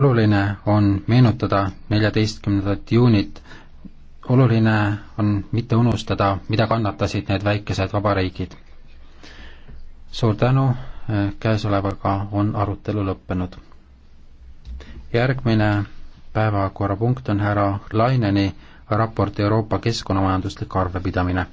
oluline on meenutada neljateistkümnendat juunit, oluline on mitte unustada, mida kannatasid need väikesed vabariigid. suur tänu, äh, käesolevaga on arutelu lõppenud. järgmine päevakorrapunkt on härra Laineni raport Euroopa keskkonnamajanduslik arvepidamine.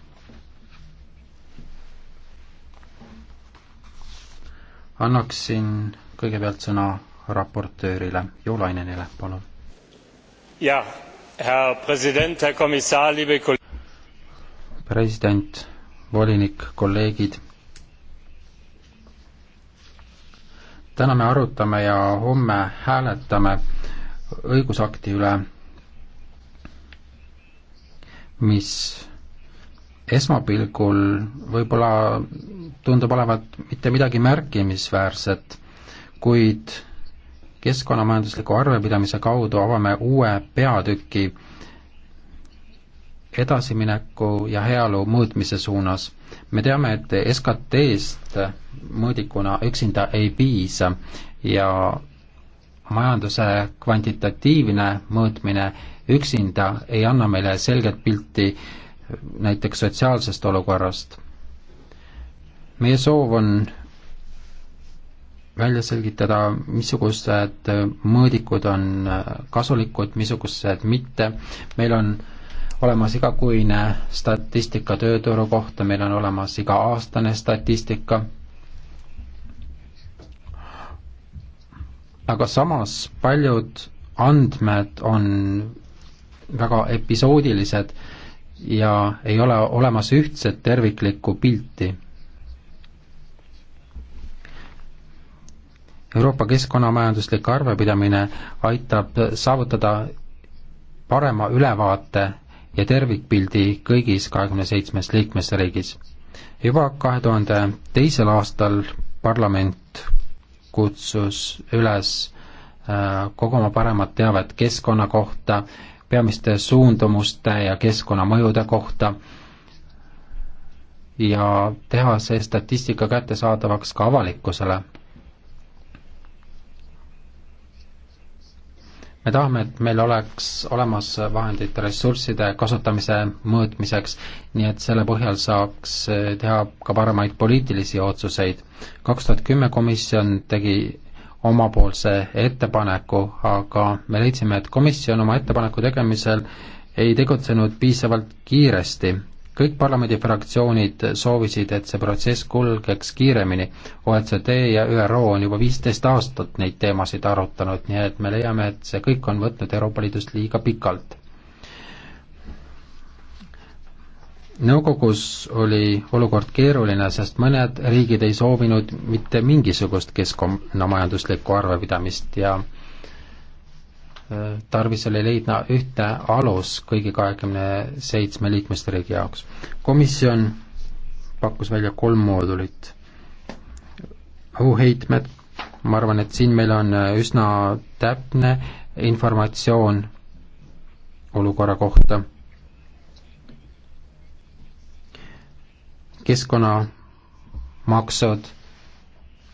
annaksin kõigepealt sõna raportöörile Joolainenile, palun. jah, härra president, härra komissar, liibe kol-. president, volinik, kolleegid. täna me arutame ja homme hääletame õigusakti üle, mis esmapilgul võib-olla tundub olevat mitte midagi märkimisväärset, kuid keskkonnamajandusliku arvepidamise kaudu avame uue peatüki edasimineku ja heaolu mõõtmise suunas. me teame, et SKT-st mõõdikuna üksinda ei piisa ja majanduse kvantitatiivne mõõtmine üksinda ei anna meile selget pilti näiteks sotsiaalsest olukorrast. meie soov on välja selgitada, missugused mõõdikud on kasulikud, missugused mitte, meil on olemas igakuine statistika tööturu kohta, meil on olemas iga-aastane statistika, aga samas paljud andmed on väga episoodilised ja ei ole olemas ühtset terviklikku pilti Euroopa keskkonnamajanduslik arvepidamine aitab saavutada parema ülevaate ja tervikpildi kõigis kahekümne seitsmes liikmesriigis. juba kahe tuhande teisel aastal parlament kutsus üles äh, koguma paremat teavet keskkonna kohta, peamiste suundumuste ja keskkonnamõjude kohta ja teha see statistika kättesaadavaks ka avalikkusele me tahame, et meil oleks olemas vahendid ressursside kasutamise mõõtmiseks, nii et selle põhjal saaks teha ka paremaid poliitilisi otsuseid. kaks tuhat kümme komisjon tegi omapoolse ettepaneku, aga me leidsime, et komisjon oma ettepaneku tegemisel ei tegutsenud piisavalt kiiresti kõik parlamendifraktsioonid soovisid, et see protsess kulgeks kiiremini. OECD ja ÜRO on juba viisteist aastat neid teemasid arutanud, nii et me leiame, et see kõik on võtnud Euroopa Liidust liiga pikalt. nõukogus oli olukord keeruline, sest mõned riigid ei soovinud mitte mingisugust keskkonnamajanduslikku arvepidamist ja äh, tarvis oli leida ühtne alus kõigi kahekümne seitsme liikmesriigi jaoks. komisjon pakkus välja kolm moodulit. õhuheitmed, ma arvan, et siin meil on üsna täpne informatsioon olukorra kohta. keskkonnamaksud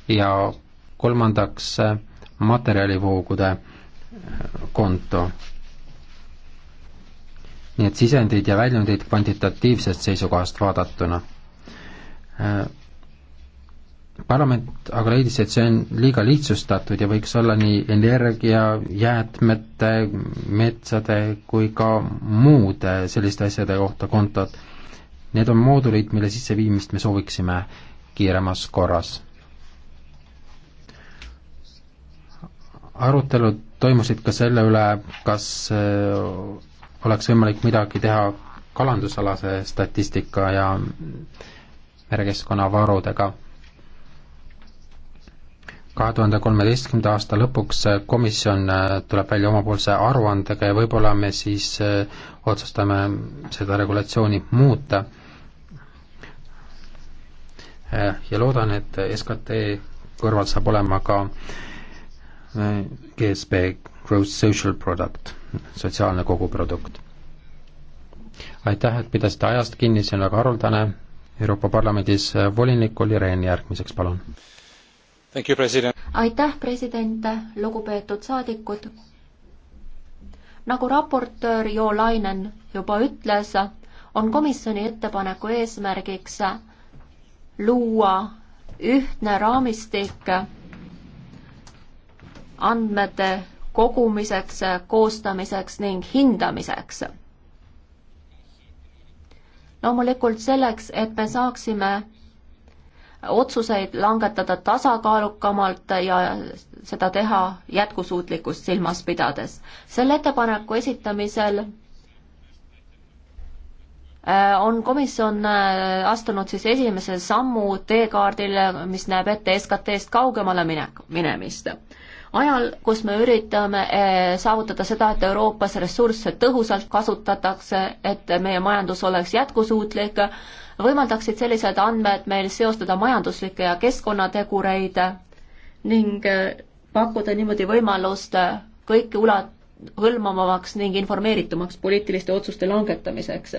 ja kolmandaks materjalivoogude konto. nii et sisendid ja väljundeid kvantitatiivsest seisukohast vaadatuna. Äh, parlament aga leidis, et see on liiga lihtsustatud ja võiks olla nii energia, jäätmete, metsade kui ka muude selliste asjade kohta kontod. Need on moodulid, mille sisseviimist me sooviksime kiiremas korras. arutelud toimusid ka selle üle, kas äh, oleks võimalik midagi teha kalandusalase statistika ja merekeskkonna varudega. kahe tuhande kolmeteistkümnenda aasta lõpuks komisjon äh, tuleb välja omapoolse aruandega ja võib-olla me siis äh, otsustame seda regulatsiooni muuta. ja loodan, et SKT kõrval saab olema ka äh, GSP, Gross Social Product, sotsiaalne koguprodukt. aitäh, et pidasite ajast kinni, see on väga haruldane, Euroopa Parlamendis volinik Olli Rehn järgmiseks, palun. aitäh, president, lugupeetud saadikud. nagu raportöör Jo Lainen juba ütles, on komisjoni ettepaneku eesmärgiks luua ühtne raamistik andmete kogumiseks, koostamiseks ning hindamiseks. loomulikult selleks, et me saaksime otsuseid langetada tasakaalukamalt ja seda teha jätkusuutlikkust silmas pidades. selle ettepaneku esitamisel äh, on komisjon äh, astunud siis esimese sammu teekaardile, mis näeb ette SKT-st kaugemale minek, minemist ajal, kus me üritame eh, saavutada seda, et Euroopas ressursse tõhusalt kasutatakse, et meie majandus oleks jätkusuutlik, võimaldaksid sellised andmed meil seostada majanduslikke ja keskkonnategureid ning eh, pakkuda niimoodi võimalust eh, kõiki ulat-, hõlmavamaks ning informeeritumaks poliitiliste otsuste langetamiseks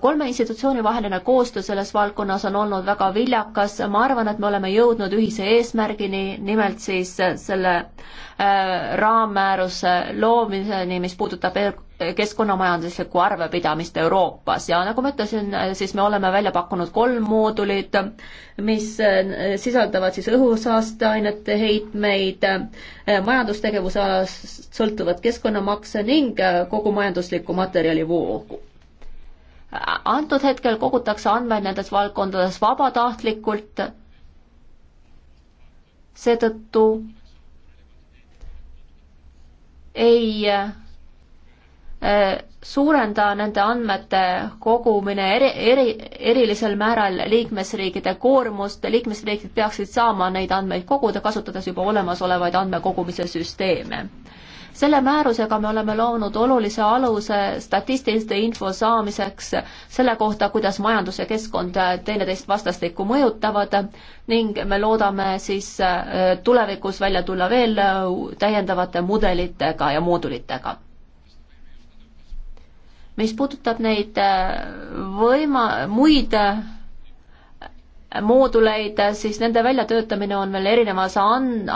kolme institutsiooni vaheline koostöö selles valdkonnas on olnud väga viljakas, ma arvan, et me oleme jõudnud ühise eesmärgini, nimelt siis selle äh, raammääruse loomiseni, mis puudutab e-, keskkonnamajanduslikku arvepidamist Euroopas ja nagu ma ütlesin, äh, siis me oleme välja pakkunud kolm moodulit, mis äh, sisaldavad siis õhusaasteainete heitmeid, majandustegevuse alast sõltuvat keskkonnamakse ning kogu majanduslikku materjalivoogu antud hetkel kogutakse andmeid nendes valdkondades vabatahtlikult, seetõttu ei äh, suurenda nende andmete kogumine eri, eri, erilisel määral liikmesriikide koormust, liikmesriigid peaksid saama neid andmeid koguda, kasutades juba olemasolevaid andmekogumise süsteeme selle määrusega me oleme loonud olulise aluse statistiliste info saamiseks selle kohta, kuidas majandus ja keskkond teineteist vastastikku mõjutavad ning me loodame siis äh, tulevikus välja tulla veel äh, täiendavate mudelitega ja moodulitega mis puudutab neid äh, võima-, muid mooduleid, siis nende väljatöötamine on veel erinevas an-,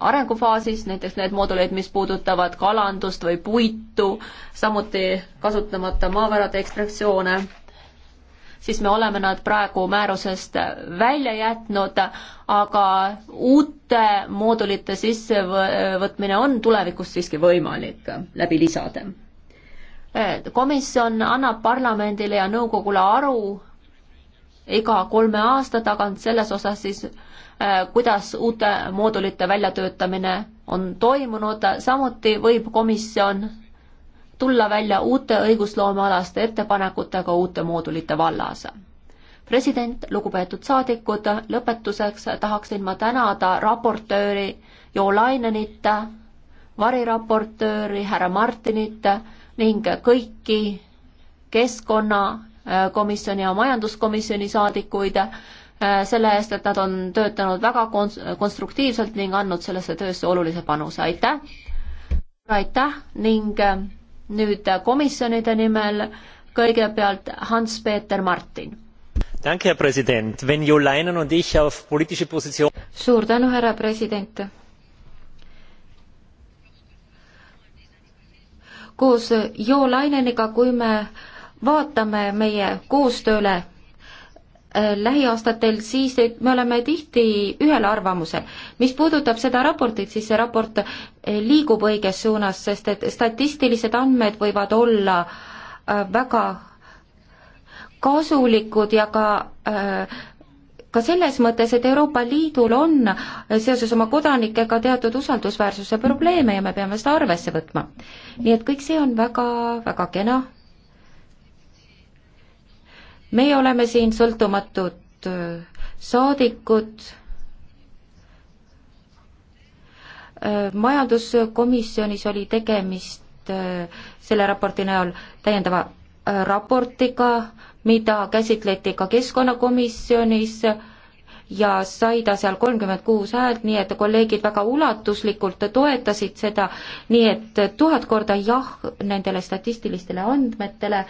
arengufaasis, näiteks need mooduleid, mis puudutavad kalandust või puitu, samuti kasutamata maavarade ekstraktsioone, siis me oleme nad praegu määrusest välja jätnud, aga uute moodulite sissevõtmine on tulevikus siiski võimalik läbi lisade komisjon annab parlamendile ja nõukogule aru iga kolme aasta tagant selles osas siis, äh, kuidas uute moodulite väljatöötamine on toimunud, samuti võib komisjon tulla välja uute õigusloomealaste ettepanekutega uute moodulite vallas. president, lugupeetud saadikud, lõpetuseks tahaksin ma tänada raportööri Jo Lainenit, variraportööri härra Martinit ning kõiki keskkonna komisjoni ja majanduskomisjoni saadikuid äh, selle eest, et nad on töötanud väga konstruktiivselt ning andnud sellesse töösse olulise panuse, aitäh! aitäh ning äh, nüüd komisjonide nimel kõigepealt Hans-Peeter Martin. Danke, Herr Präsident. Wenn Jo Leinen und ich auf politische Position... Suur tänu, härra president. koos Jo Laineniga, kui me vaatame meie koostööle äh, lähiaastatel, siis me oleme tihti ühel arvamusel. mis puudutab seda raportit, siis see raport äh, liigub õiges suunas, sest et statistilised andmed võivad olla äh, väga kasulikud ja ka ka selles mõttes, et Euroopa Liidul on seoses oma kodanikega teatud usaldusväärsuse probleeme ja me peame seda arvesse võtma. nii et kõik see on väga, väga kena meie oleme siin sõltumatud äh, saadikud, äh, majanduskomisjonis oli tegemist äh, selle raporti näol täiendava raportiga, mida käsitleti ka keskkonnakomisjonis ja sai ta seal kolmkümmend kuus häält, nii et kolleegid väga ulatuslikult toetasid seda, nii et tuhat korda jah nendele statistilistele andmetele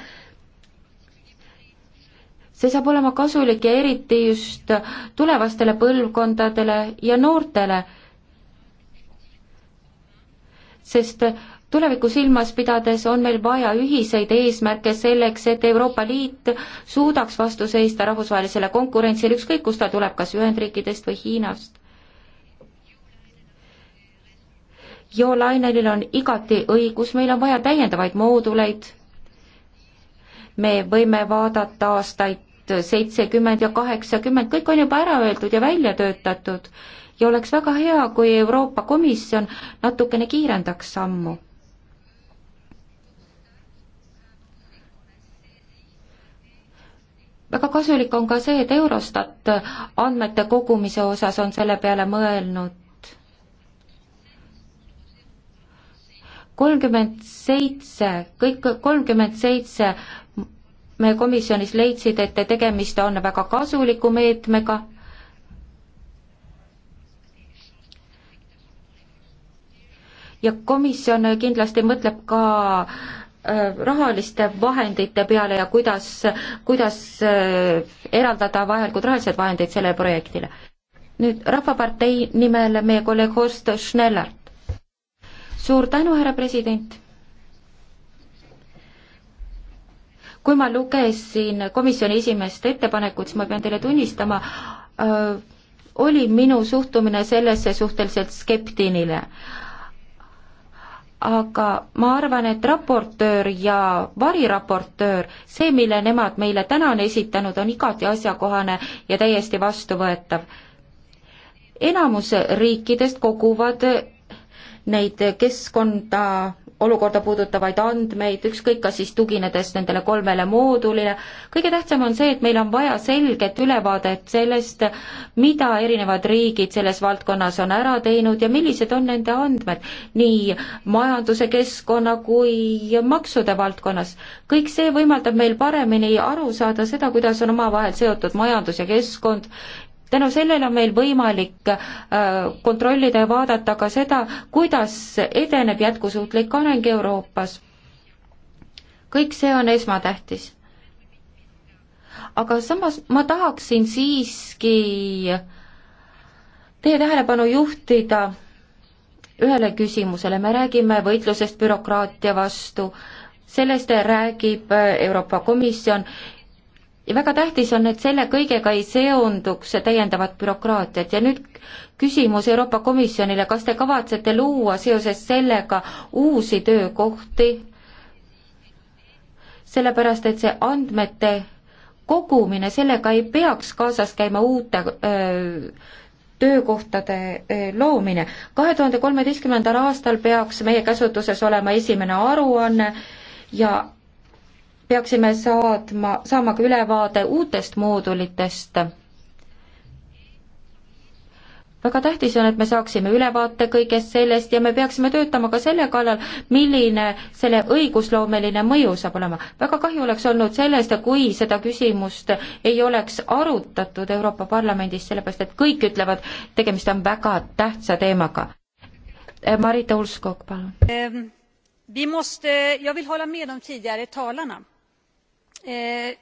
see saab olema kasulik ja eriti just tulevastele põlvkondadele ja noortele, sest tulevikku silmas pidades on meil vaja ühiseid eesmärke selleks, et Euroopa Liit suudaks vastu seista rahvusvahelisele konkurentsile, ükskõik kust ta tuleb, kas Ühendriikidest või Hiinast. Jo Lainelil on igati õigus, meil on vaja täiendavaid mooduleid, me võime vaadata aastaid tuhat seitsekümmend ja kaheksakümmend, kõik on juba ära öeldud ja välja töötatud. ja oleks väga hea, kui Euroopa Komisjon natukene kiirendaks sammu. väga kasulik on ka see, et Eurostat andmete kogumise osas on selle peale mõelnud. kolmkümmend seitse, kõik kolmkümmend seitse me komisjonis leidsid, et tegemist on väga kasuliku meetmega. ja komisjon kindlasti mõtleb ka äh, rahaliste vahendite peale ja kuidas, kuidas äh, eraldada vajalikud rahalised vahendid sellele projektile. nüüd Rahvapartei nimel meie kolleeg Horst Schnellert. suur tänu, härra president kui ma lugesin komisjoni esimest ettepanekut, siis ma pean teile tunnistama, äh, oli minu suhtumine sellesse suhteliselt skeptiline. aga ma arvan, et raportöör ja variraportöör, see, mille nemad meile täna on esitanud, on igati asjakohane ja täiesti vastuvõetav. enamus riikidest koguvad neid keskkonda olukorda puudutavaid andmeid, ükskõik kas siis tuginedes nendele kolmele moodulile, kõige tähtsam on see, et meil on vaja selget ülevaadet sellest, mida erinevad riigid selles valdkonnas on ära teinud ja millised on nende andmed nii majanduse, keskkonna kui maksude valdkonnas. kõik see võimaldab meil paremini aru saada seda, kuidas on omavahel seotud majandus ja keskkond tänu sellele on meil võimalik äh, kontrollida ja vaadata ka seda, kuidas edeneb jätkusuutlik areng Euroopas. kõik see on esmatähtis. aga samas ma tahaksin siiski teie tähelepanu juhtida ühele küsimusele, me räägime võitlusest bürokraatia vastu, sellest räägib Euroopa Komisjon ja väga tähtis on, et selle kõigega ei seonduks täiendavat bürokraatiat ja nüüd küsimus Euroopa Komisjonile, kas te kavatsete luua seoses sellega uusi töökohti, sellepärast et see andmete kogumine, sellega ei peaks kaasas käima uute öö, töökohtade loomine. kahe tuhande kolmeteistkümnendal aastal peaks meie käsutuses olema esimene aruanne ja peaksime saadma, saama ka ülevaade uutest moodulitest. väga tähtis on, et me saaksime ülevaate kõigest sellest ja me peaksime töötama ka selle kallal, milline selle õigusloomeline mõju saab olema. väga kahju oleks olnud sellest, kui seda küsimust ei oleks arutatud Euroopa Parlamendis, sellepärast et kõik ütlevad, tegemist on väga tähtsa teemaga. Marita Ulskog, palun. Vi måste, jag vill hålla med de tidigare talarna Eh,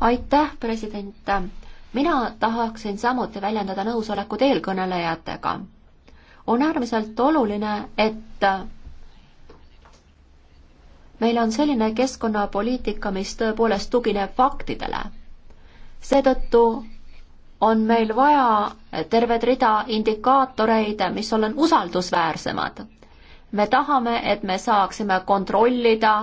aitäh, president. mina tahaksin samuti väljendada nõusolekut eelkõnelejatega. on äärmiselt oluline, et meil on selline keskkonnapoliitika, mis tõepoolest tugineb faktidele. seetõttu on meil vaja terved rida indikaatoreid, mis on usaldusväärsemad. me tahame, et me saaksime kontrollida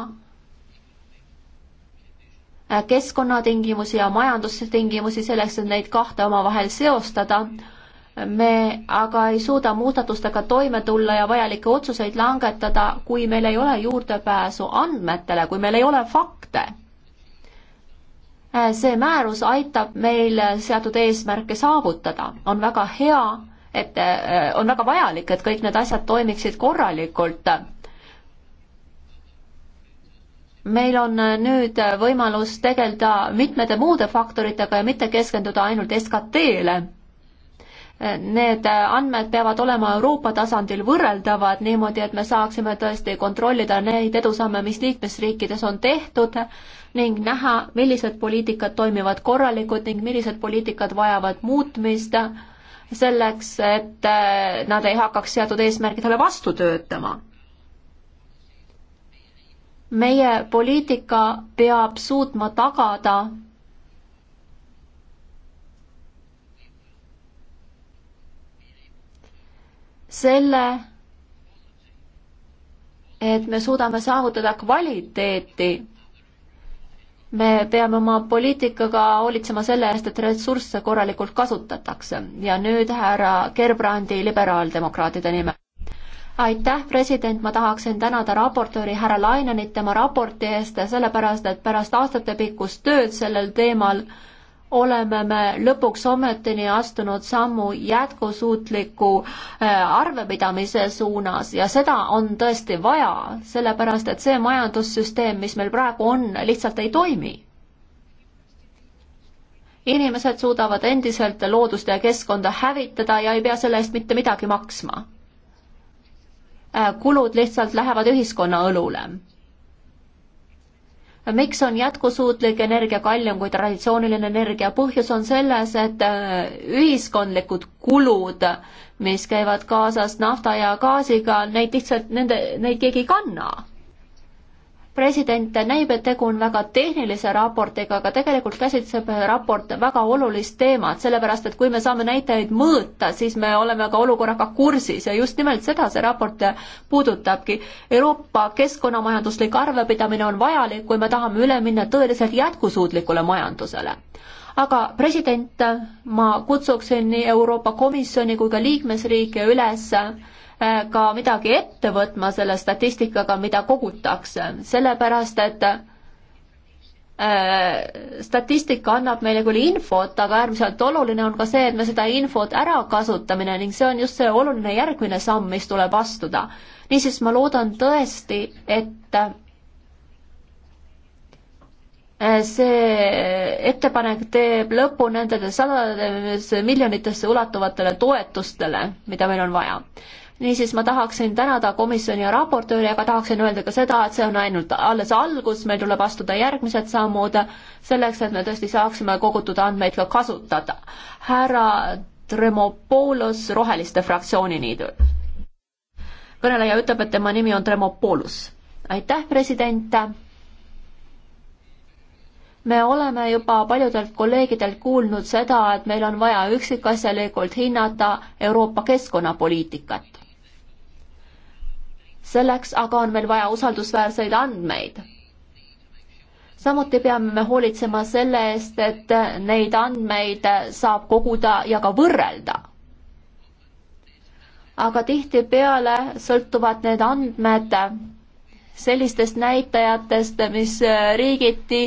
Äh, keskkonnatingimusi ja majandustingimusi selleks, et neid kahte omavahel seostada. me aga ei suuda muudatustega toime tulla ja vajalikke otsuseid langetada, kui meil ei ole juurdepääsu andmetele, kui meil ei ole fakte. Äh, see määrus aitab meil seatud eesmärke saavutada, on väga hea, et äh, on väga vajalik, et kõik need asjad toimiksid korralikult meil on äh, nüüd äh, võimalus tegeleda mitmete muude faktoritega ja mitte keskenduda ainult SKT-le. Äh, need andmed peavad olema Euroopa tasandil võrreldavad niimoodi, et me saaksime tõesti kontrollida neid edusamme, mis liikmesriikides on tehtud ning näha, millised poliitikad toimivad korralikult ning millised poliitikad vajavad muutmist selleks, et nad ei hakkaks seatud eesmärgidele vastu töötama meie poliitika peab suutma tagada selle, et me suudame saavutada kvaliteeti. me peame oma poliitikaga hoolitsema selle eest, et ressursse korralikult kasutatakse ja nüüd härra Gerbrandi liberaaldemokraatide nimel aitäh, president, ma tahaksin tänada raportööri härra Lainenit tema raporti eest, sellepärast et pärast aastatepikkust tööd sellel teemal oleme me lõpuks ometini astunud sammu jätkusuutliku äh, arvepidamise suunas ja seda on tõesti vaja, sellepärast et see majandussüsteem, mis meil praegu on, lihtsalt ei toimi inimesed suudavad endiselt loodust ja keskkonda hävitada ja ei pea selle eest mitte midagi maksma Äh, kulud lihtsalt lähevad ühiskonna õlule. miks on jätkusuutlik energia kallim kui traditsiooniline energia? põhjus on selles, et äh, ühiskondlikud kulud, mis käivad kaasas nafta ja gaasiga, neid lihtsalt, nende, neid keegi ei kanna president, näib, et tegu on väga tehnilise raportiga, aga tegelikult käsitleb raport väga olulist teemat, sellepärast et kui me saame näitajaid mõõta, siis me oleme ka olukorraga kursis ja just nimelt seda see raport puudutabki. Euroopa keskkonnamajanduslik arvepidamine on vajalik, kui me tahame üle minna tõeliselt jätkusuutlikule majandusele aga president, ma kutsuksin nii Euroopa Komisjoni kui ka liikmesriike üles äh, Äh, ka midagi ette võtma selle statistikaga, mida kogutakse, sellepärast et äh, statistika annab meile küll infot, aga äärmiselt oluline on ka see, et me seda infot ära kasutamine ning see on just see oluline järgmine samm, mis tuleb astuda. niisiis, ma loodan tõesti, et äh, see ettepanek teeb lõpu nendele sadadesse miljonitesse ulatuvatele toetustele, mida meil on vaja niisiis ma tahaksin tänada komisjoni ja raportööri, aga tahaksin öelda ka seda, et see on ainult alles algus, meil tuleb astuda järgmised sammud selleks, et me tõesti saaksime kogutud andmeid ka kasutada. härra Tremopoulos Roheliste fraktsiooni liidul. kõneleja ütleb, et tema nimi on Tremopoulos. aitäh, president! me oleme juba paljudelt kolleegidelt kuulnud seda, et meil on vaja üksikasjalikult hinnata Euroopa keskkonnapoliitikat selleks aga on meil vaja usaldusväärseid andmeid. samuti peame me hoolitsema selle eest, et neid andmeid saab koguda ja ka võrrelda. aga tihtipeale sõltuvad need andmed sellistest näitajatest, mis riigiti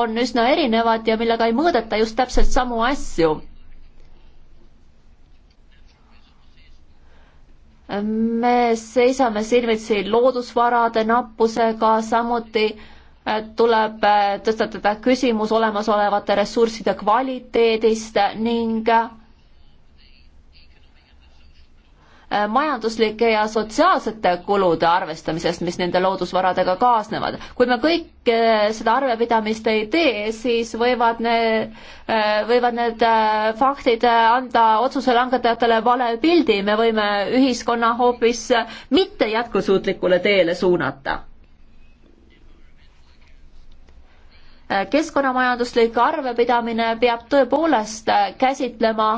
on üsna erinevad ja millega ei mõõdeta just täpselt samu asju me seisame silmitsi loodusvarade nappusega, samuti äh, tuleb äh, tõstatada küsimus olemasolevate ressursside kvaliteedist ning äh, Äh, majanduslike ja sotsiaalsete kulude arvestamisest, mis nende loodusvaradega kaasnevad. kui me kõik äh, seda arvepidamist ei tee, siis võivad need, äh, võivad need faktid anda otsuse langetajatele vale pildi, me võime ühiskonna hoopis mitte jätkusuutlikule teele suunata. keskkonnamajanduslik arvepidamine peab tõepoolest käsitlema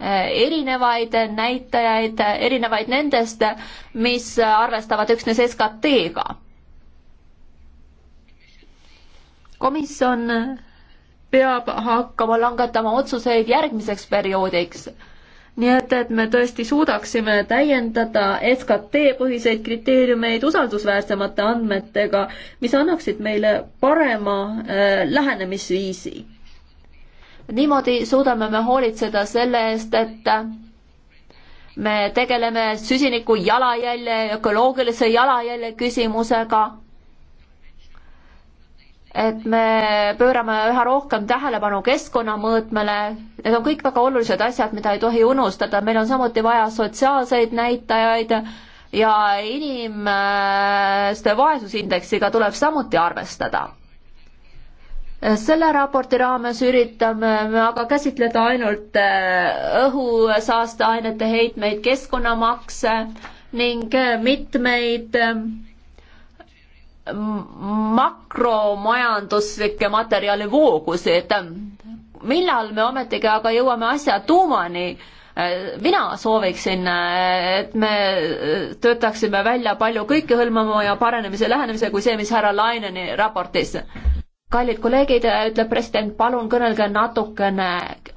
erinevaid näitajaid, erinevaid nendest, mis arvestavad üksnes SKT-ga. komisjon peab hakkama langetama otsuseid järgmiseks perioodiks. nii et, et me tõesti suudaksime täiendada SKT-põhiseid kriteeriumeid usaldusväärsemate andmetega, mis annaksid meile parema äh, lähenemisviisi niimoodi suudame me hoolitseda selle eest, et me tegeleme süsiniku jalajälje, ökoloogilise jalajälje küsimusega. et me pöörame üha rohkem tähelepanu keskkonnamõõtmele, need on kõik väga olulised asjad, mida ei tohi unustada, meil on samuti vaja sotsiaalseid näitajaid ja inimeste vaesusindeksiga tuleb samuti arvestada selle raporti raames üritame me aga käsitleda ainult äh, õhusaasteainete heitmeid, keskkonnamakse ning äh, mitmeid äh, makromajanduslikke materjalivoogusid. millal me ometigi aga jõuame asja tuumani? mina sooviksin, et me töötaksime välja palju kõikehõlmavama ja parenemise lähenemise kui see, mis härra Laineni raportis kallid kolleegid, ütleb president, palun kõnelge natukene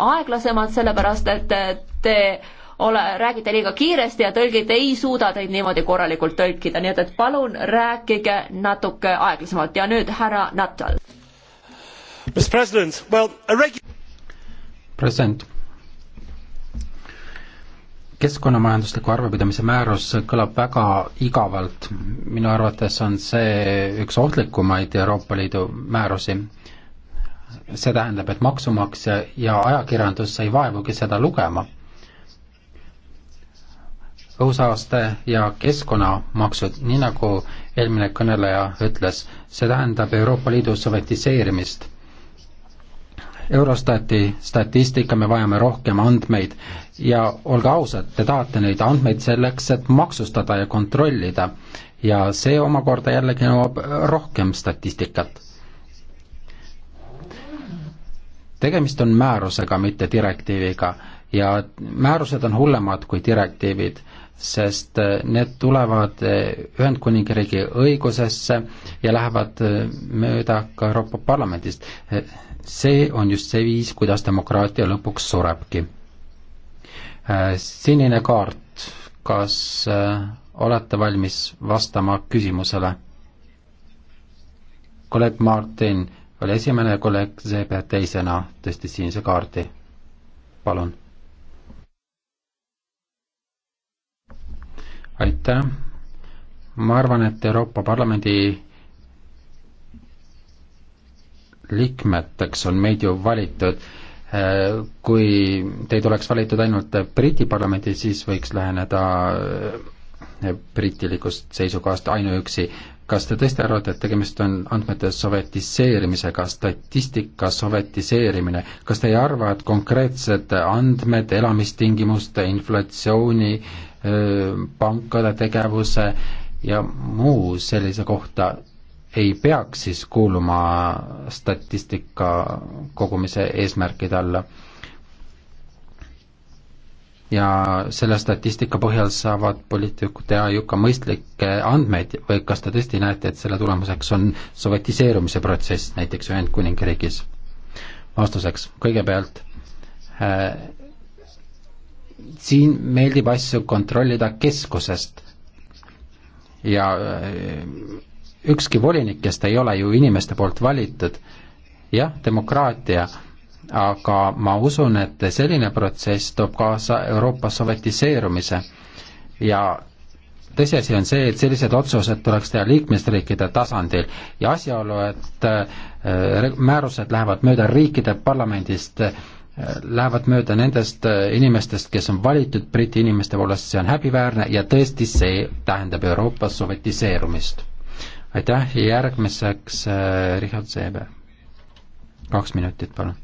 aeglasemalt, sellepärast et te ole, räägite liiga kiiresti ja tõlgid ei suuda teid niimoodi korralikult tõlkida, nii et, et palun rääkige natuke aeglasemalt ja nüüd härra Natal. president well,, president, keskkonnamajandusliku arvepidamise määrus kõlab väga igavalt, minu arvates on see üks ohtlikumaid Euroopa Liidu määrusi. see tähendab, et maksumaksja ja ajakirjandus ei vaevugi seda lugema. õhusaaste ja keskkonnamaksud, nii nagu eelmine kõneleja ütles, see tähendab Euroopa Liidu sovetiseerimist Eurostati statistika, me vajame rohkem andmeid ja olge ausad, te tahate neid andmeid selleks, et maksustada ja kontrollida. ja see omakorda jällegi nõuab rohkem statistikat. tegemist on määrusega, mitte direktiiviga ja määrused on hullemad kui direktiivid, sest need tulevad Ühendkuningriigi õigusesse ja lähevad mööda ka Euroopa Parlamendist see on just see viis, kuidas demokraatia lõpuks surebki. Äh, sinine kaart, kas äh, olete valmis vastama küsimusele? kolleeg Martin oli esimene, kolleeg Zebe teisena tõstis siinse kaardi. palun. aitäh. ma arvan, et Euroopa Parlamendi liikmeteks on meid ju valitud, äh, kui teid oleks valitud ainult Briti parlamendi, siis võiks läheneda äh, britilikust seisukohast ainuüksi. kas te tõesti arvate, et tegemist on andmete sovetiseerimisega, statistika sovetiseerimine, kas te ei arva, et konkreetsed andmed elamistingimuste, inflatsiooni, äh, pankade tegevuse ja muu sellise kohta ei peaks siis kuuluma statistika kogumise eesmärkide alla. ja selle statistika põhjal saavad poliitikud teha ju ka mõistlikke andmeid või kas te tõesti näete, et selle tulemuseks on sovetiseerumise protsess näiteks Ühendkuningriigis? vastuseks, kõigepealt äh, siin meeldib asju kontrollida keskusest ja äh, ükski volinikest ei ole ju inimeste poolt valitud. jah, demokraatia, aga ma usun, et selline protsess toob kaasa Euroopa sovetiseerumise ja tõsiasi on see, et sellised otsused tuleks teha liikmesriikide tasandil ja asjaolu, et äh, määrused lähevad mööda riikide parlamendist, äh, lähevad mööda nendest äh, inimestest, kes on valitud Briti inimeste poolest, see on häbiväärne ja tõesti, see tähendab Euroopas sovetiseerumist aitäh, järgmiseks äh, Richard Seeber. kaks minutit, palun.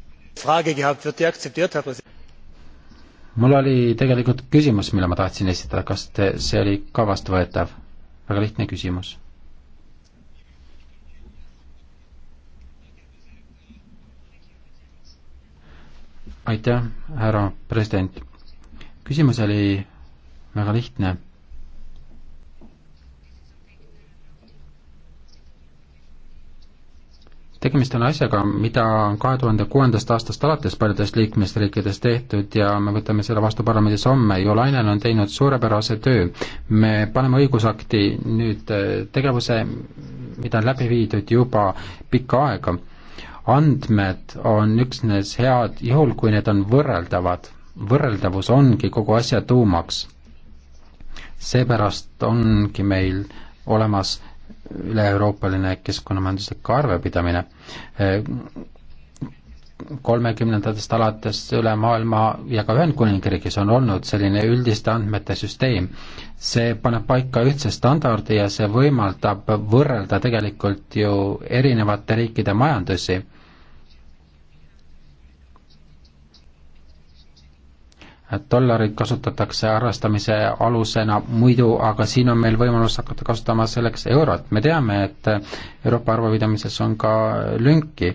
mul oli tegelikult küsimus, mille ma tahtsin esitada, kas te, see oli ka vastuvõetav? väga lihtne küsimus. aitäh, härra president. küsimus oli väga lihtne tegemist on asjaga, mida on kahe tuhande kuuendast aastast alates paljudes liikmesriikides tehtud ja me võtame selle vastu parlamendis homme, Jo Lainen on teinud suurepärase töö. me paneme õigusakti nüüd äh, tegevuse, mida on läbi viidud juba pikka aega. andmed on üksnes head juhul, kui need on võrreldavad. võrreldavus ongi kogu asja tuumaks. seepärast ongi meil olemas üle-euroopaline keskkonnamajanduslik arvepidamine. kolmekümnendatest alates üle maailma ja ka Ühendkuningriigis on olnud selline üldiste andmete süsteem. see paneb paika ühtse standardi ja see võimaldab võrrelda tegelikult ju erinevate riikide majandusi dollarit kasutatakse arvestamise alusena muidu, aga siin on meil võimalus hakata kasutama selleks eurot. me teame, et Euroopa arvupidamises on ka lünki.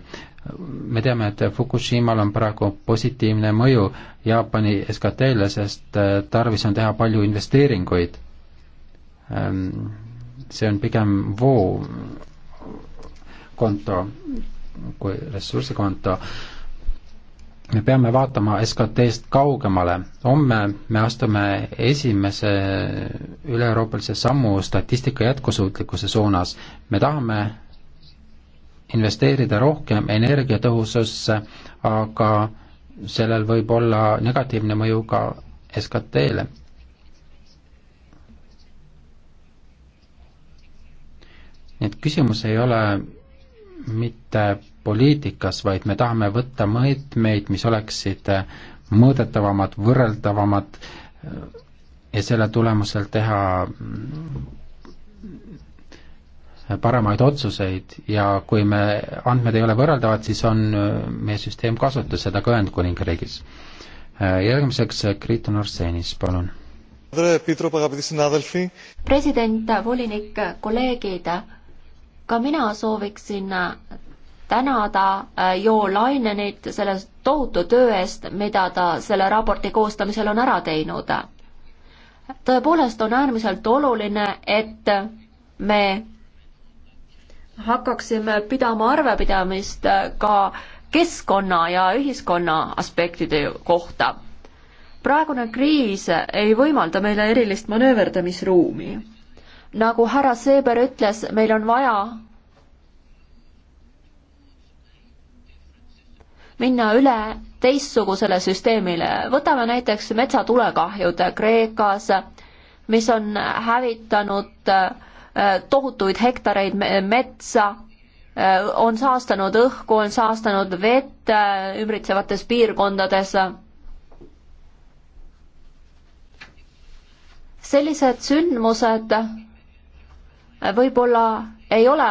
me teame, et Fukushimal on praegu positiivne mõju Jaapani SKT-le, sest äh, tarvis on teha palju investeeringuid. Ähm, see on pigem vookonto kui ressursikonto me peame vaatama SKT-st kaugemale. homme me astume esimese üle-euroopalise sammu statistika jätkusuutlikkuse suunas. me tahame investeerida rohkem energiatõhususse, aga sellel võib olla negatiivne mõju ka SKT-le. nii et küsimus ei ole mitte poliitikas, vaid me tahame võtta mõõtmeid, mis oleksid äh, mõõdetavamad, võrreldavamad äh, ja selle tulemusel teha mm, paremaid otsuseid ja kui me, andmed ei ole võrreldavad, siis on äh, meie süsteem kasutus, seda ka Ühendkuningriigis. järgmiseks Kriton Arsenis, palun. president, volinik, kolleegid ka mina sooviksin äh, tänada äh, Jo Lainenit selle tohutu töö eest, mida ta selle raporti koostamisel on ära teinud. tõepoolest on äärmiselt oluline, et me hakkaksime pidama arvepidamist äh, ka keskkonna ja ühiskonna aspektide kohta. praegune kriis ei võimalda meile erilist manööverdamisruumi nagu härra Seeber ütles, meil on vaja minna üle teistsugusele süsteemile. võtame näiteks metsatulekahjud Kreekas, mis on hävitanud äh, tohutuid hektareid metsa, äh, on saastanud õhku, on saastanud vett äh, ümbritsevates piirkondades. sellised sündmused võib-olla ei ole,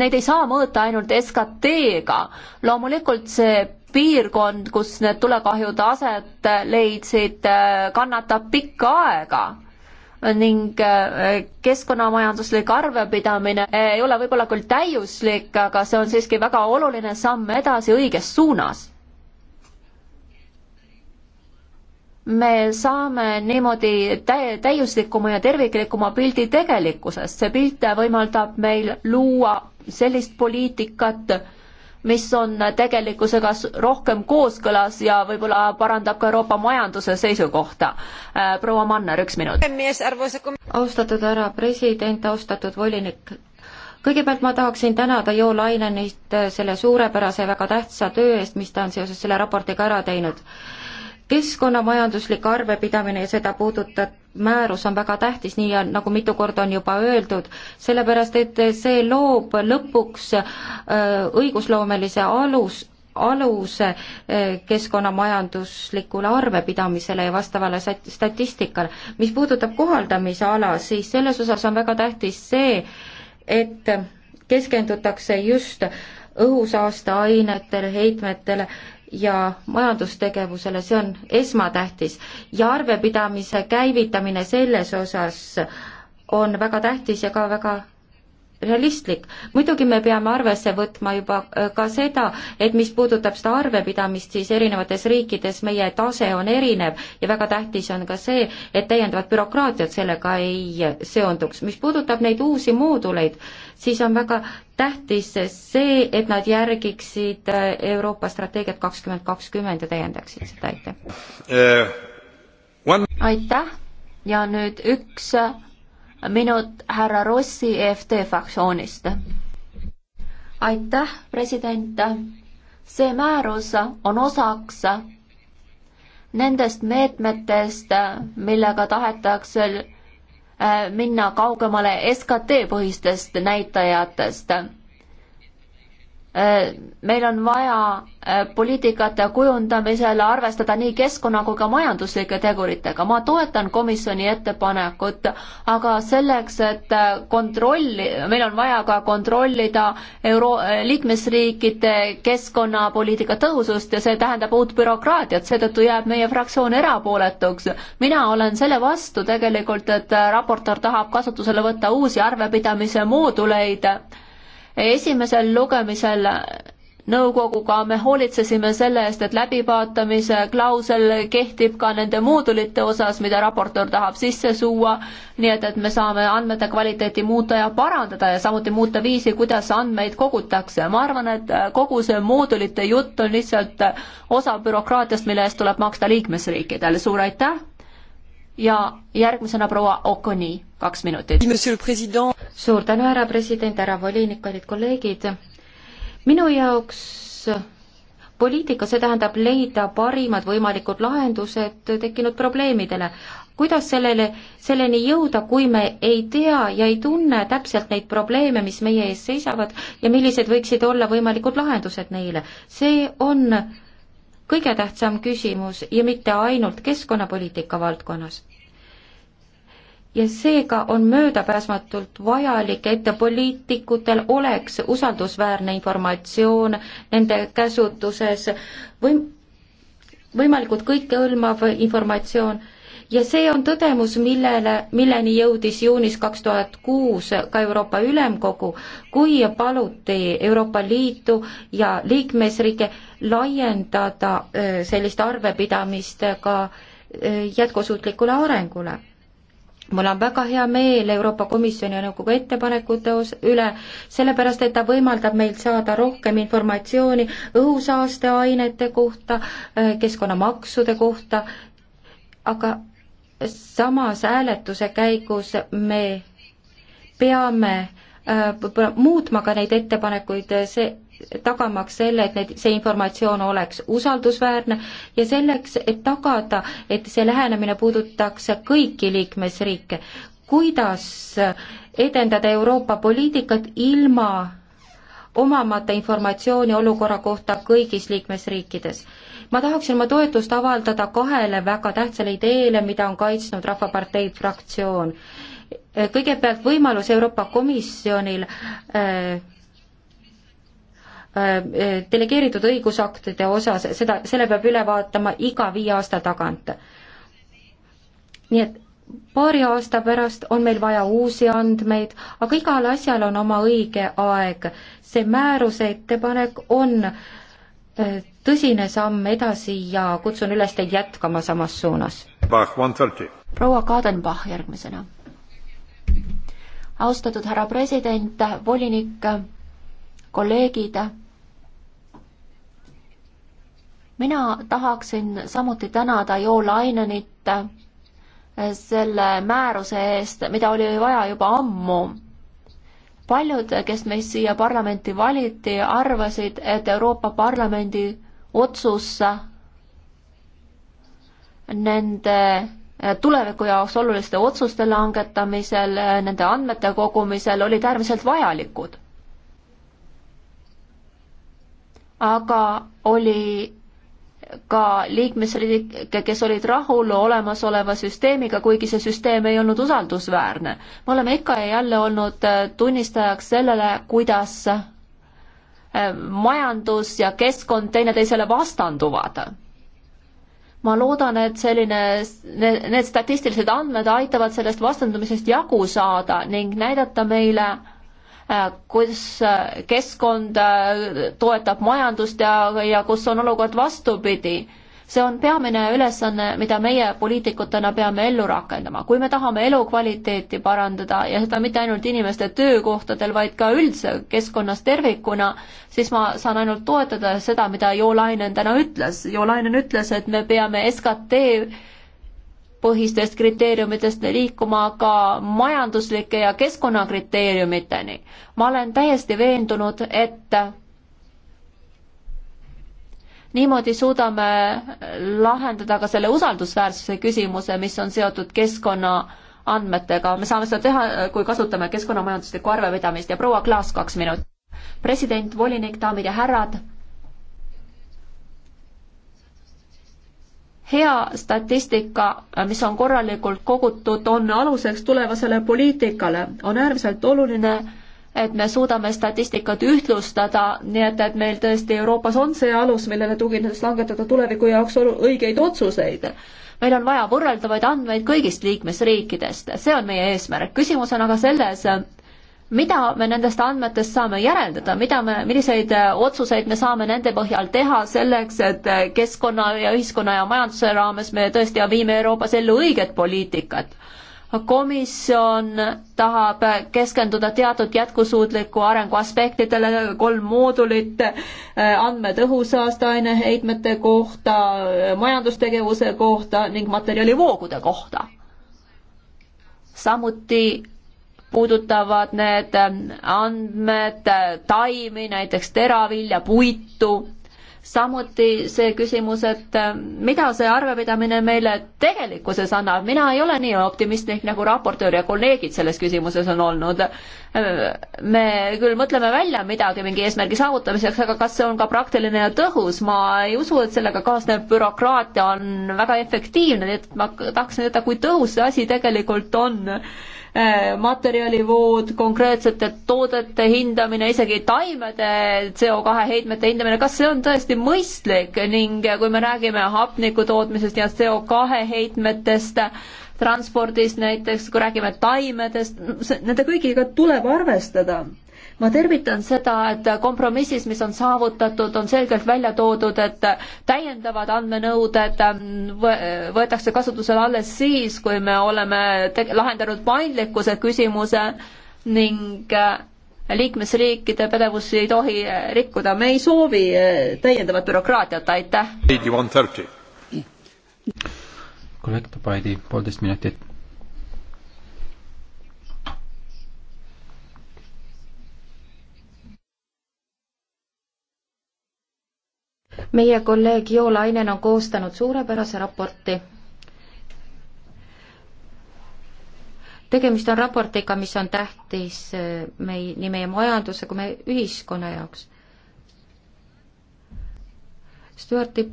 neid ei saa mõõta ainult SKT-ga. loomulikult see piirkond, kus need tulekahjud aset leidsid, kannatab pikka aega ning äh, keskkonnamajanduslik arvepidamine ei ole võib-olla küll täiuslik, aga see on siiski väga oluline samm edasi õiges suunas me saame niimoodi tä-, täiuslikuma ja terviklikuma pildi tegelikkusest. see pilt võimaldab meil luua sellist poliitikat, mis on tegelikkusega rohkem kooskõlas ja võib-olla parandab ka Euroopa majanduse seisukohta. Äh, proua Manner, üks minut. austatud härra president, austatud volinik, kõigepealt ma tahaksin tänada Jo Lainenit selle suurepärase ja väga tähtsa töö eest, mis ta on seoses selle raportiga ära teinud keskkonnamajanduslik arvepidamine ja seda puudutab määrus on väga tähtis, nii on, nagu mitu korda on juba öeldud, sellepärast et see loob lõpuks äh, õigusloomelise alus, aluse äh, keskkonnamajanduslikule arvepidamisele ja vastavale statistikale. mis puudutab kohaldamise ala, siis selles osas on väga tähtis see, et keskendutakse just õhusaasteainetele, heitmetele, ja majandustegevusele, see on esmatähtis. ja arvepidamise käivitamine selles osas on väga tähtis ja ka väga realistlik. muidugi me peame arvesse võtma juba äh, ka seda, et mis puudutab seda arvepidamist, siis erinevates riikides meie tase on erinev ja väga tähtis on ka see, et täiendavat bürokraatiat sellega ei seonduks. mis puudutab neid uusi mooduleid, siis on väga tähtis see, et nad järgiksid äh, Euroopa strateegiat kakskümmend kakskümmend ja täiendaksid seda, aitäh uh,! One... aitäh ja nüüd üks äh, minut härra Rossi EFT fraktsioonist. aitäh, president! see määrus on osaks nendest meetmetest, millega tahetakse minna kaugemale SKT põhistest näitajatest Äh, meil on vaja äh, poliitikate kujundamisel arvestada nii keskkonna kui ka majanduslike teguritega. ma toetan komisjoni ettepanekut, aga selleks, et äh, kontrolli, meil on vaja ka kontrollida euro-, liikmesriikide keskkonnapoliitika tõhusust ja see tähendab uut bürokraatiat, seetõttu jääb meie fraktsioon erapooletuks. mina olen selle vastu tegelikult, et raportöör tahab kasutusele võtta uusi arvepidamise mooduleid esimesel lugemisel nõukoguga me hoolitsesime selle eest, et läbivaatamise klausel kehtib ka nende moodulite osas, mida raportöör tahab sisse suua, nii et, et me saame andmete kvaliteeti muuta ja parandada ja samuti muuta viisi, kuidas andmeid kogutakse. ma arvan, et kogu see moodulite jutt on lihtsalt osa bürokraatiast, mille eest tuleb maksta liikmesriikidele. suur aitäh! ja järgmisena proua Okoni, kaks minutit. suur tänu, härra president, härra volinik, kallid kolleegid. minu jaoks poliitika, see tähendab leida parimad võimalikud lahendused tekkinud probleemidele. kuidas sellele, selleni jõuda, kui me ei tea ja ei tunne täpselt neid probleeme, mis meie ees seisavad ja millised võiksid olla võimalikud lahendused neile? see on kõige tähtsam küsimus ja mitte ainult keskkonnapoliitika valdkonnas. ja seega on möödapääsmatult vajalik, et poliitikutel oleks usaldusväärne informatsioon nende käsutuses või võimalikult kõikehõlmav informatsioon ja see on tõdemus, millele, milleni jõudis juunis kaks tuhat kuus ka Euroopa Ülemkogu, kui paluti Euroopa Liitu ja liikmesriike laiendada sellist arvepidamist ka jätkusuutlikule arengule mul on väga hea meel Euroopa Komisjoni ja nõukogu ettepanekute os-, üle, sellepärast et ta võimaldab meil saada rohkem informatsiooni õhusaasteainete kohta, keskkonnamaksude kohta, aga samas hääletuse käigus me peame äh, muutma ka neid ettepanekuid, see, tagamaks selle, et need, see informatsioon oleks usaldusväärne ja selleks, et tagada, et see lähenemine puudutaks kõiki liikmesriike. kuidas edendada Euroopa poliitikat ilma omamata informatsiooni olukorra kohta kõigis liikmesriikides? ma tahaksin oma toetust avaldada kahele väga tähtsale ideele, mida on kaitsnud Rahvapartei fraktsioon. E, kõigepealt võimalus Euroopa Komisjonil äh, äh, delegeeritud õigusaktide osas, seda, selle peab üle vaatama iga viie aasta tagant. nii et paari aasta pärast on meil vaja uusi andmeid, aga igal asjal on oma õige aeg. see määruse ettepanek on äh, tõsine samm edasi ja kutsun üles teid jätkama samas suunas. proua Kadenbach järgmisena. austatud härra president, volinik, kolleegid, mina tahaksin samuti tänada Jo Lainenit selle määruse eest, mida oli vaja juba ammu paljud, kes meist siia parlamenti valiti, arvasid, et Euroopa Parlamendi otsus nende tuleviku jaoks oluliste otsuste langetamisel, nende andmete kogumisel olid äärmiselt vajalikud. aga oli ka liikmesriike, kes olid rahul olemasoleva süsteemiga, kuigi see süsteem ei olnud usaldusväärne. me oleme ikka ja jälle olnud äh, tunnistajaks sellele, kuidas äh, majandus ja keskkond teineteisele vastanduvad. ma loodan, et selline, need statistilised andmed aitavad sellest vastandumisest jagu saada ning näidata meile, Äh, kus äh, keskkond äh, toetab majandust ja, ja kus on olukord vastupidi see on peamine ülesanne, mida meie poliitikutena peame ellu rakendama. kui me tahame elukvaliteeti parandada ja seda mitte ainult inimeste töökohtadel, vaid ka üldse keskkonnas tervikuna, siis ma saan ainult toetada seda, mida Jo Lainen täna ütles. Jo Lainen ütles, et me peame SKT põhistest kriteeriumitest liikuma ka majanduslike ja keskkonnakriteeriumiteni. ma olen täiesti veendunud, et niimoodi suudame lahendada ka selle usaldusväärsuse küsimuse, mis on seotud keskkonnaandmetega. me saame seda teha, kui kasutame keskkonnamajanduslikku arvepidamist ja proua Klaas, kaks minutit. president, volinik, daamid ja härrad hea statistika, mis on korralikult kogutud, on aluseks tulevasele poliitikale. on äärmiselt oluline, et me suudame statistikat ühtlustada, nii et, et meil tõesti Euroopas on see alus, millele tuginedes langetada tuleviku jaoks õigeid otsuseid. meil on vaja võrreldavaid andmeid kõigist liikmesriikidest, see on meie eesmärk. küsimus on aga selles, mida me nendest andmetest saame järeldada, mida me, milliseid äh, otsuseid me saame nende põhjal teha selleks, et äh, keskkonna ja ühiskonna ja majanduse raames me tõesti viime Euroopas ellu õiget poliitikat. komisjon tahab keskenduda teatud jätkusuutliku arengu aspektidele, kolm moodulit, äh, andmed õhusaasteaine heitmete kohta, majandustegevuse kohta ning materjalivoogude kohta. samuti puudutavad need äh, andmed äh, taimi, näiteks teravilja, puitu. samuti see küsimus, et äh, mida see arvepidamine meile tegelikkuses annab, mina ei ole nii optimistlik nagu raportöör ja kolleegid selles küsimuses on olnud. me küll mõtleme välja midagi mingi eesmärgi saavutamiseks, aga kas see on ka praktiline ja tõhus, ma ei usu, et sellega kaasnev bürokraatia on väga efektiivne, nii et ma tahaksin teada, kui tõhus see asi tegelikult on Äh, materjalivood, konkreetsete toodete hindamine, isegi taimede CO2 heitmete hindamine, kas see on tõesti mõistlik ning kui me räägime hapniku tootmisest ja CO2 heitmetest, transpordist näiteks, kui räägime taimedest, nende kõigiga tuleb arvestada ma tervitan seda, et kompromissis, mis on saavutatud, on selgelt välja toodud, et täiendavad andmenõuded ähm, võetakse kasutusele alles siis, kui me oleme lahendanud paindlikkuse küsimuse ning äh, liikmesriikide pädevusi ei tohi äh, rikkuda, me ei soovi äh, täiendavat bürokraatiat, aitäh. kolleeg Tabaidi, poolteist minutit meie kolleeg Jo Lainen on koostanud suurepärase raporti. tegemist on raportiga, mis on tähtis eh, mei-, nii meie majanduse kui meie ühiskonna jaoks. Stewarti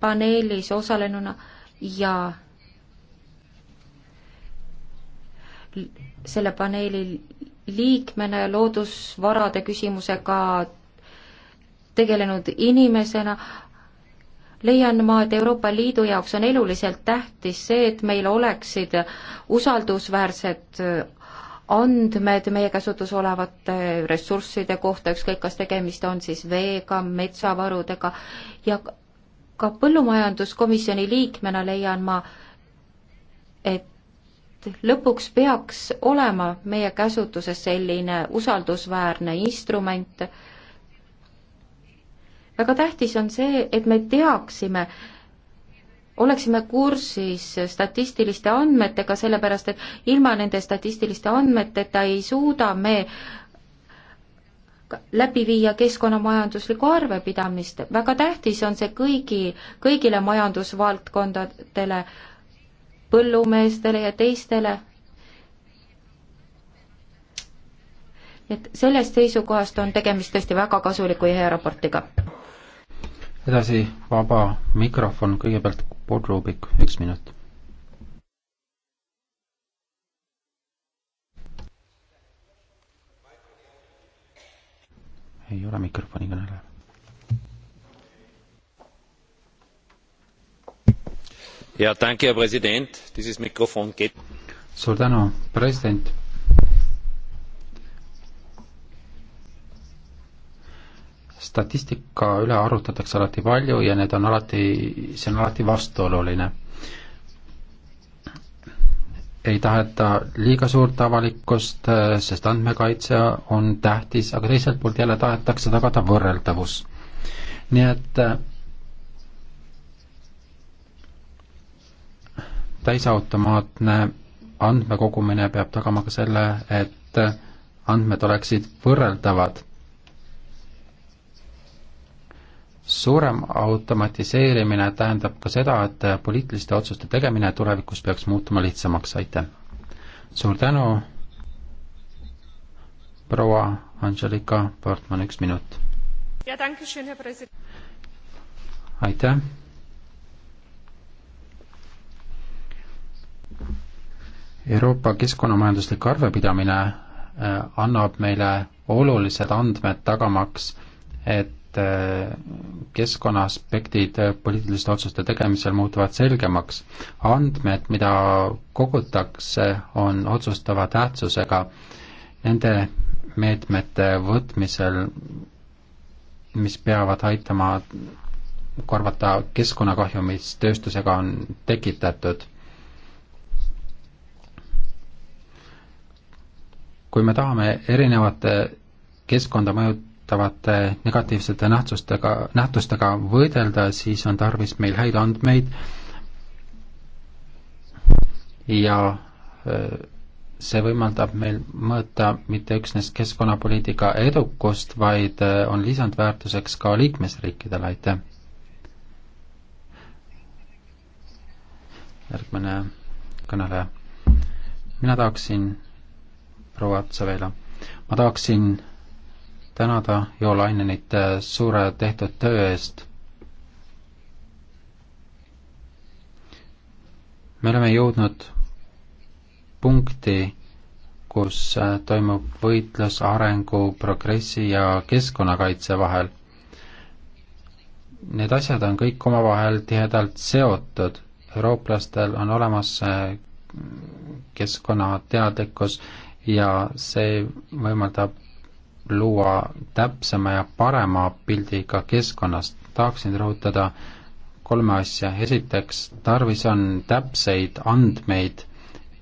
paneelis osalenuna ja selle paneeli liikmena ja loodusvarade küsimusega tegelenud inimesena leian ma, et Euroopa Liidu jaoks on eluliselt tähtis see, et meil oleksid usaldusväärsed andmed meie käsutus olevate ressursside kohta, ükskõik kas tegemist on siis veega, metsavarudega ja ka põllumajanduskomisjoni liikmena leian ma, et lõpuks peaks olema meie käsutuses selline usaldusväärne instrument, väga tähtis on see, et me teaksime, oleksime kursis statistiliste andmetega, sellepärast et ilma nende statistiliste andmeteta ei suuda me läbi viia keskkonnamajanduslikku arvepidamist. väga tähtis on see kõigi, kõigile majandusvaldkondadele, põllumeestele ja teistele. et sellest seisukohast on tegemist tõesti väga kasuliku ja hea raportiga edasi vaba mikrofon, kõigepealt Paul Rubik, üks minut. ei ole mikrofoni kõnele. suur tänu, president statistika üle arutatakse alati palju ja need on alati, see on alati vastuoluline. ei taheta liiga suurt avalikkust, äh, sest andmekaitse on tähtis, aga teiselt poolt jälle tahetakse tagada võrreldavus. nii et äh, täisautomaatne andmekogumine peab tagama ka selle, et andmed oleksid võrreldavad suurem automatiseerimine tähendab ka seda, et poliitiliste otsuste tegemine tulevikus peaks muutuma lihtsamaks, aitäh! suur tänu, proua Angelika Portman, üks minut. aitäh! Euroopa keskkonnamajanduslik arvepidamine äh, annab meile olulised andmed tagamaks, et et eh, keskkonna aspektid poliitiliste otsuste tegemisel muutuvad selgemaks. andmed, mida kogutakse, on otsustava tähtsusega. Nende meetmete võtmisel, mis peavad aitama korvata keskkonnakahju, mis tööstusega on tekitatud kui me tahame erinevate keskkonda mõjut-, teatavate negatiivsete nähtustega, nähtustega võidelda, siis on tarvis meil häid andmeid ja see võimaldab meil mõõta mitte üksnes keskkonnapoliitika edukust, vaid on lisandväärtuseks ka liikmesriikidele, aitäh! järgmine kõneleja. mina tahaksin, proua Otsa veel, ma tahaksin tänada Jo Lainenit äh, suure tehtud töö eest. me oleme jõudnud punkti, kus äh, toimub võitlus arengu, progressi ja keskkonnakaitse vahel. Need asjad on kõik omavahel tihedalt seotud, eurooplastel on olemas äh, keskkonnateadlikkus ja see võimaldab luua täpsema ja parema pildi ka keskkonnast. tahaksin rõhutada kolme asja. esiteks, tarvis on täpseid andmeid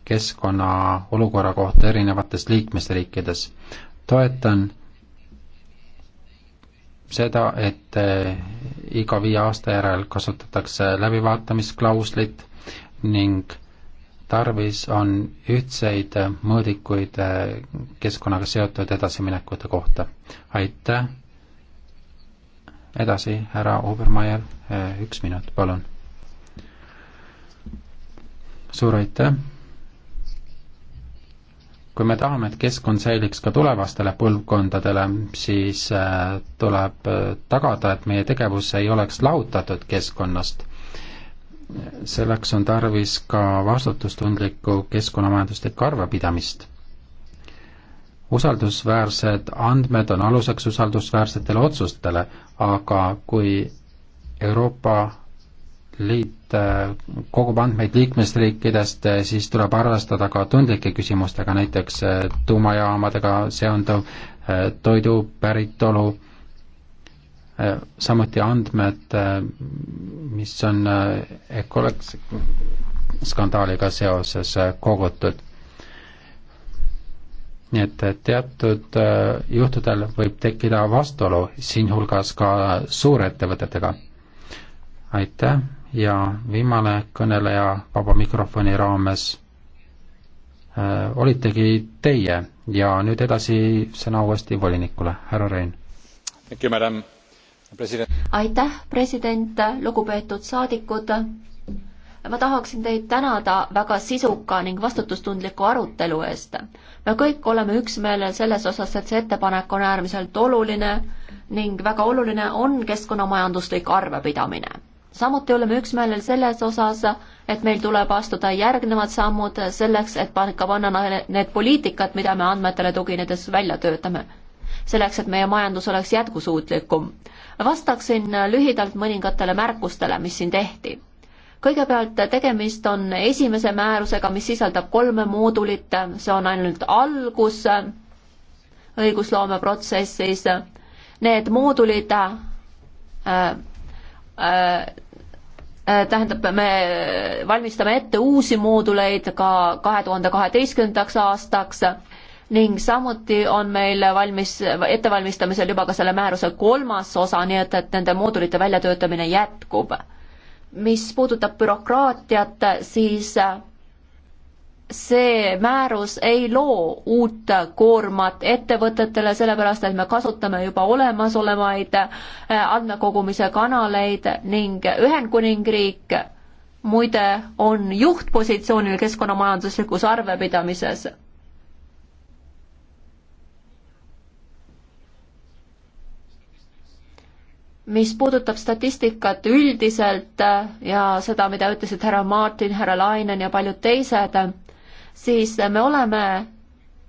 keskkonna olukorra kohta erinevates liikmesriikides. toetan seda, et eh, iga viie aasta järel kasutatakse läbivaatamisklauslit ning tarvis on ühtseid mõõdikuid äh, keskkonnaga seotud edasiminekute kohta. aitäh! edasi, härra Obermeier, äh, üks minut, palun. suur aitäh! kui me tahame, et keskkond säiliks ka tulevastele põlvkondadele, siis äh, tuleb tagada, et meie tegevus ei oleks lahutatud keskkonnast selleks on tarvis ka vastutustundlikku keskkonnamajanduslikku arvepidamist. usaldusväärsed andmed on aluseks usaldusväärsetele otsustele, aga kui Euroopa Liit kogub andmeid liikmesriikidest, siis tuleb arvestada ka tundlike küsimustega, näiteks tuumajaamadega seonduv, toidu päritolu Äh, samuti andmed, äh, mis on äh, Ecolex skandaaliga seoses kogutud. nii et teatud juhtudel võib tekkida vastuolu, siinhulgas ka suurettevõtetega. aitäh ja viimane kõneleja vaba mikrofoni raames olitegi teie ja nüüd edasi sõna uuesti volinikule, härra Rein. Thank you, madam aitäh, president, lugupeetud saadikud. ma tahaksin teid tänada väga sisuka ning vastutustundliku arutelu eest. me kõik oleme üksmeelel selles osas, et see ettepanek on äärmiselt oluline ning väga oluline on keskkonnamajanduslik arvepidamine. samuti oleme üksmeelel selles osas, et meil tuleb astuda järgnevad sammud selleks, et paika panna need poliitikad, mida me andmetele tuginedes välja töötame selleks, et meie majandus oleks jätkusuutlikum vastaksin lühidalt mõningatele märkustele, mis siin tehti. kõigepealt tegemist on esimese määrusega, mis sisaldab kolme moodulit, see on ainult algus õigusloomeprotsessis. Need moodulid äh, äh, äh, tähendab, me valmistame ette uusi mooduleid ka kahe tuhande kaheteistkümnendaks aastaks ning samuti on meil valmis, ettevalmistamisel juba ka selle määruse kolmas osa, nii et, et nende moodulite väljatöötamine jätkub. mis puudutab bürokraatiat, siis see määrus ei loo uut koormat ettevõtetele, sellepärast et me kasutame juba olemasolevaid äh, andmekogumise kanaleid ning Ühendkuningriik muide on juhtpositsioonil keskkonnamajanduslikus arvepidamises mis puudutab statistikat üldiselt äh, ja seda, mida ütlesid härra Martin, härra Lainen ja paljud teised, siis me oleme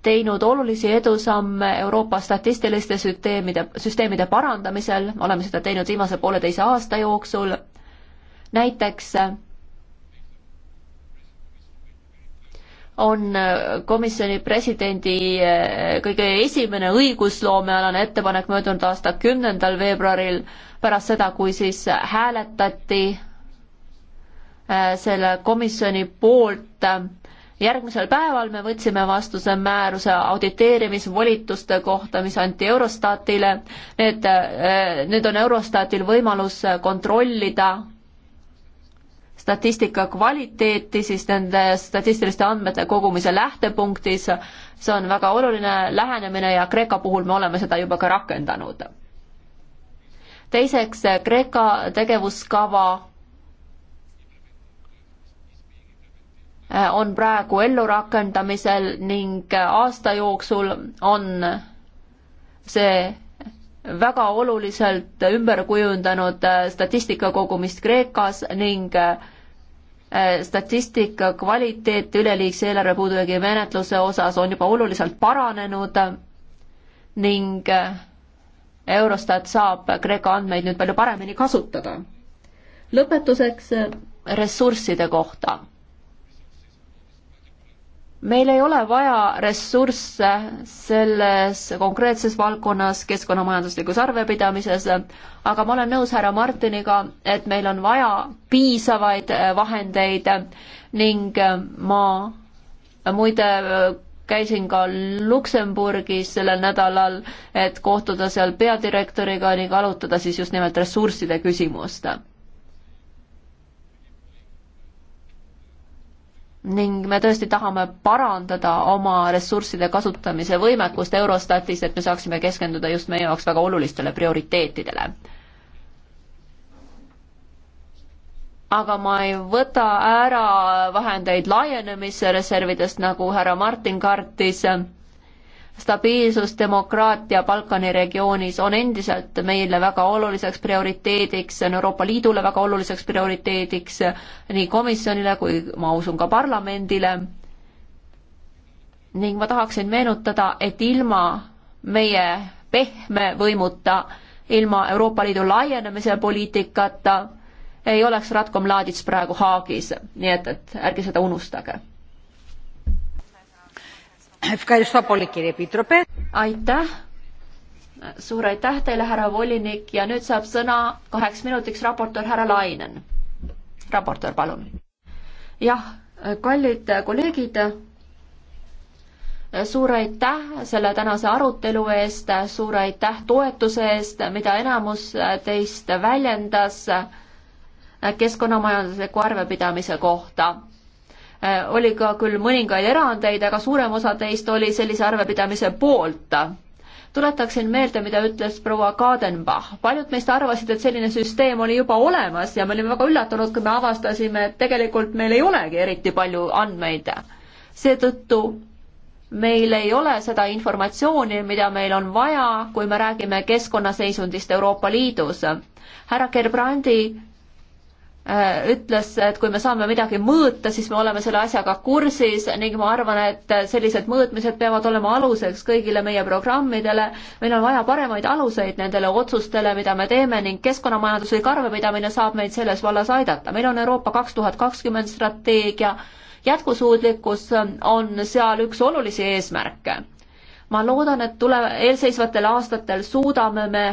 teinud olulisi edusamme Euroopa statistiliste süsteemide, süsteemide parandamisel, oleme seda teinud viimase pooleteise aasta jooksul. näiteks on äh, komisjoni presidendi äh, kõige esimene õigusloomealane ettepanek möödunud aasta kümnendal veebruaril, pärast seda, kui siis hääletati äh, selle komisjoni poolt. järgmisel päeval me võtsime vastuse määruse auditeerimisvolituste kohta, mis anti Eurostatile. Need, nüüd on Eurostatil võimalus kontrollida statistika kvaliteeti, siis nende statistiliste andmete kogumise lähtepunktis, see on väga oluline lähenemine ja Kreeka puhul me oleme seda juba ka rakendanud. teiseks, Kreeka tegevuskava eh, on praegu ellurakendamisel ning aasta jooksul on see väga oluliselt ümber kujundanud äh, statistika kogumist Kreekas ning äh, statistika kvaliteet üleliigse eelarve puudujäägi menetluse osas on juba oluliselt paranenud ning äh, Eurostat saab Kreeka andmeid nüüd palju paremini kasutada. lõpetuseks ressursside kohta meil ei ole vaja ressursse selles konkreetses valdkonnas keskkonnamajanduslikus arvepidamises, aga ma olen nõus härra Martiniga, et meil on vaja piisavaid vahendeid ning ma muide käisin ka Luksemburgis sellel nädalal, et kohtuda seal peadirektoriga ning arutada siis just nimelt ressursside küsimust ning me tõesti tahame parandada oma ressursside kasutamise võimekust Eurostatis, et me saaksime keskenduda just meie jaoks väga olulistele prioriteetidele. aga ma ei võta ära vahendeid laienemisreservidest, nagu härra Martin kartis stabiilsus, demokraatia Balkani regioonis on endiselt meile väga oluliseks prioriteediks, see on Euroopa Liidule väga oluliseks prioriteediks, nii komisjonile kui ma usun ka parlamendile. ning ma tahaksin meenutada, et ilma meie pehme võimuta, ilma Euroopa Liidu laienemise poliitikata ei oleks Ratko Mladic praegu Haagis, nii et, et ärge seda unustage aitäh, suur aitäh teile, härra volinik ja nüüd saab sõna kaheks minutiks raportöör härra Lainen. raportöör, palun. jah, kallid kolleegid, suur aitäh selle tänase arutelu eest, suur aitäh toetuse eest, mida enamus teist väljendas keskkonnamajandusliku arvepidamise kohta Äh, oli ka küll mõningaid erandeid, aga suurem osa teist oli sellise arvepidamise poolt tuletaksin meelde, mida ütles proua Kadenbach. paljud meist arvasid, et selline süsteem oli juba olemas ja me olime väga üllatunud, kui me avastasime, et tegelikult meil ei olegi eriti palju andmeid. seetõttu meil ei ole seda informatsiooni, mida meil on vaja, kui me räägime keskkonnaseisundist Euroopa Liidus. härra Gerbrandi Äh, ütles, et kui me saame midagi mõõta, siis me oleme selle asjaga kursis ning ma arvan, et sellised mõõtmised peavad olema aluseks kõigile meie programmidele. meil on vaja paremaid aluseid nendele otsustele, mida me teeme ning keskkonnamajanduslik arvepidamine saab meid selles vallas aidata. meil on Euroopa kaks tuhat kakskümmend strateegia, jätkusuutlikkus on seal üks olulisi eesmärke. ma loodan, et tule, eelseisvatel aastatel suudame me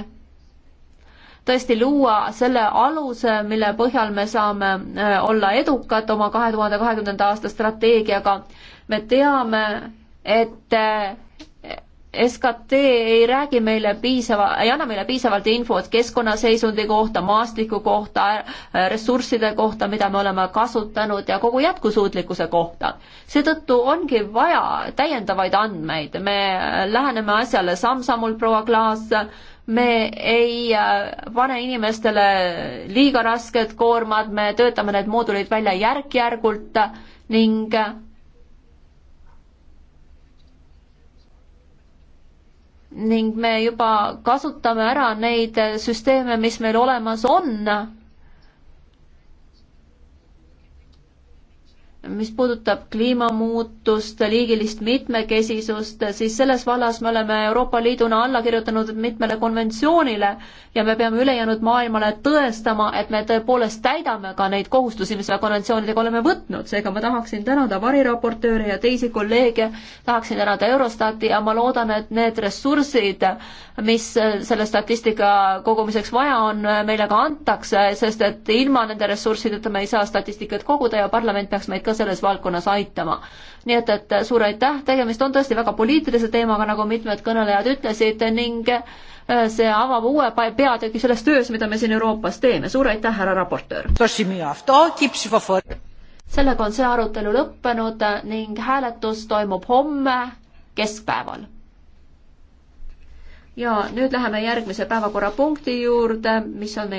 tõesti luua selle aluse, mille põhjal me saame äh, olla edukad oma kahe tuhande kahekümnenda aasta strateegiaga. me teame, et äh, SKT ei räägi meile piisava, ei anna meile piisavalt infot keskkonnaseisundi kohta, maastiku kohta, äh, ressursside kohta, mida me oleme kasutanud ja kogu jätkusuutlikkuse kohta. seetõttu ongi vaja täiendavaid andmeid, me läheneme asjale samm-sammult, proua Klaas, me ei äh, pane inimestele liiga rasket koormat, me töötame need moodulid välja järk-järgult ning äh, ning me juba kasutame ära neid süsteeme, mis meil olemas on mis puudutab kliimamuutust, liigilist mitmekesisust, siis selles vallas me oleme Euroopa Liiduna alla kirjutanud mitmele konventsioonile ja me peame ülejäänud maailmale tõestama, et me tõepoolest täidame ka neid kohustusi, mis me konventsioonidega oleme võtnud, seega ma tahaksin tänada variraportööre ja teisi kolleege, tahaksin tänada Eurostati ja ma loodan, et need ressursid, mis selle statistika kogumiseks vaja on, meile ka antakse, sest et ilma nende ressurssideta me ei saa statistikat koguda ja parlament peaks meid ka selles valdkonnas aitama. nii et, et suur aitäh, tegemist on tõesti väga poliitilise teemaga, nagu mitmed kõnelejad ütlesid ning äh, see avab uue peatüki selles töös, mida me siin Euroopas teeme. suur aitäh, härra raportöör! sellega on see arutelu lõppenud ning hääletus toimub homme keskpäeval. ja nüüd läheme järgmise päevakorrapunkti juurde, mis on meie